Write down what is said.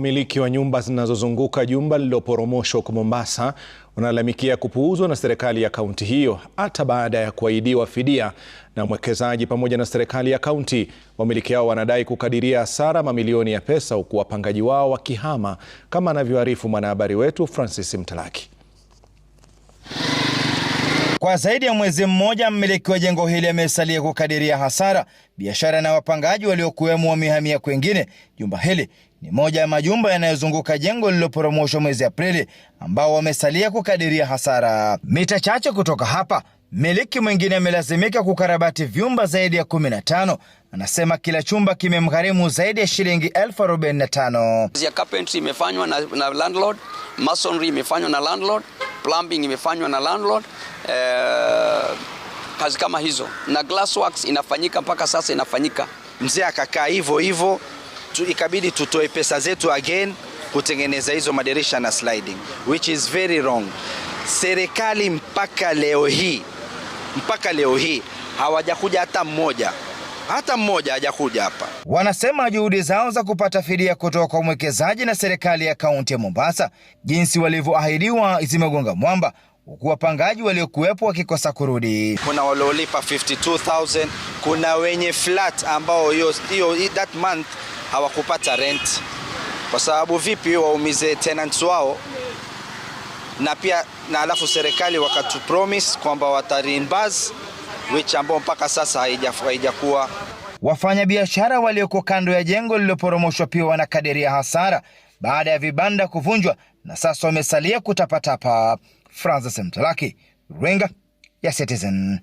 Wamiliki wa nyumba zinazozunguka jumba lililoporomoshwa huko Mombasa wanalalamikia kupuuzwa na serikali ya kaunti hiyo hata baada ya kuahidiwa fidia na mwekezaji pamoja na serikali ya kaunti. Wamiliki hao wanadai kukadiria hasara mamilioni ya pesa huku wapangaji wao wakihama, kama anavyoarifu mwanahabari wetu Francis Mtalaki. Kwa zaidi ya mwezi mmoja, mmiliki wa jengo hili amesalia kukadiria hasara, biashara na wapangaji waliokuwemo wamehamia kwengine. Jumba hili ni moja ya majumba yanayozunguka jengo lililoporomoshwa mwezi Aprili, ambao wamesalia kukadiria hasara. Mita chache kutoka hapa, mmiliki mwingine amelazimika kukarabati vyumba zaidi ya 15. Anasema kila chumba kimemgharimu zaidi ya shilingi elfu arobaini na tano. Carpentry imefanywa na, na landlord, masonry imefanywa na landlord, plumbing imefanywa na landlord Eh, kazi kama hizo, na glassworks inafanyika mpaka sasa inafanyika. Mzee akakaa hivyo hivyo, ikabidi tutoe pesa zetu again kutengeneza hizo madirisha na sliding, which is very wrong. Serikali mpaka leo hii mpaka leo hii hawajakuja hata mmoja hata mmoja hajakuja hapa. Wanasema juhudi zao za kupata fidia kutoka kwa mwekezaji na serikali ya kaunti ya Mombasa, jinsi walivyoahidiwa, zimegonga mwamba, huku wapangaji waliokuwepo wakikosa kurudi. Kuna waliolipa 52000 kuna wenye flat ambao hiyo that month hawakupata rent, kwa sababu vipi waumize tenants wao na pia na alafu serikali promise kwamba wata reimburse which ambao mpaka sasa haijakuwa. Wafanyabiashara walioko kando ya jengo lililoporomoshwa pia wanakadiria hasara baada ya vibanda kuvunjwa na sasa wamesalia kutapatapa. Francis Mtalaki, runinga ya Citizen.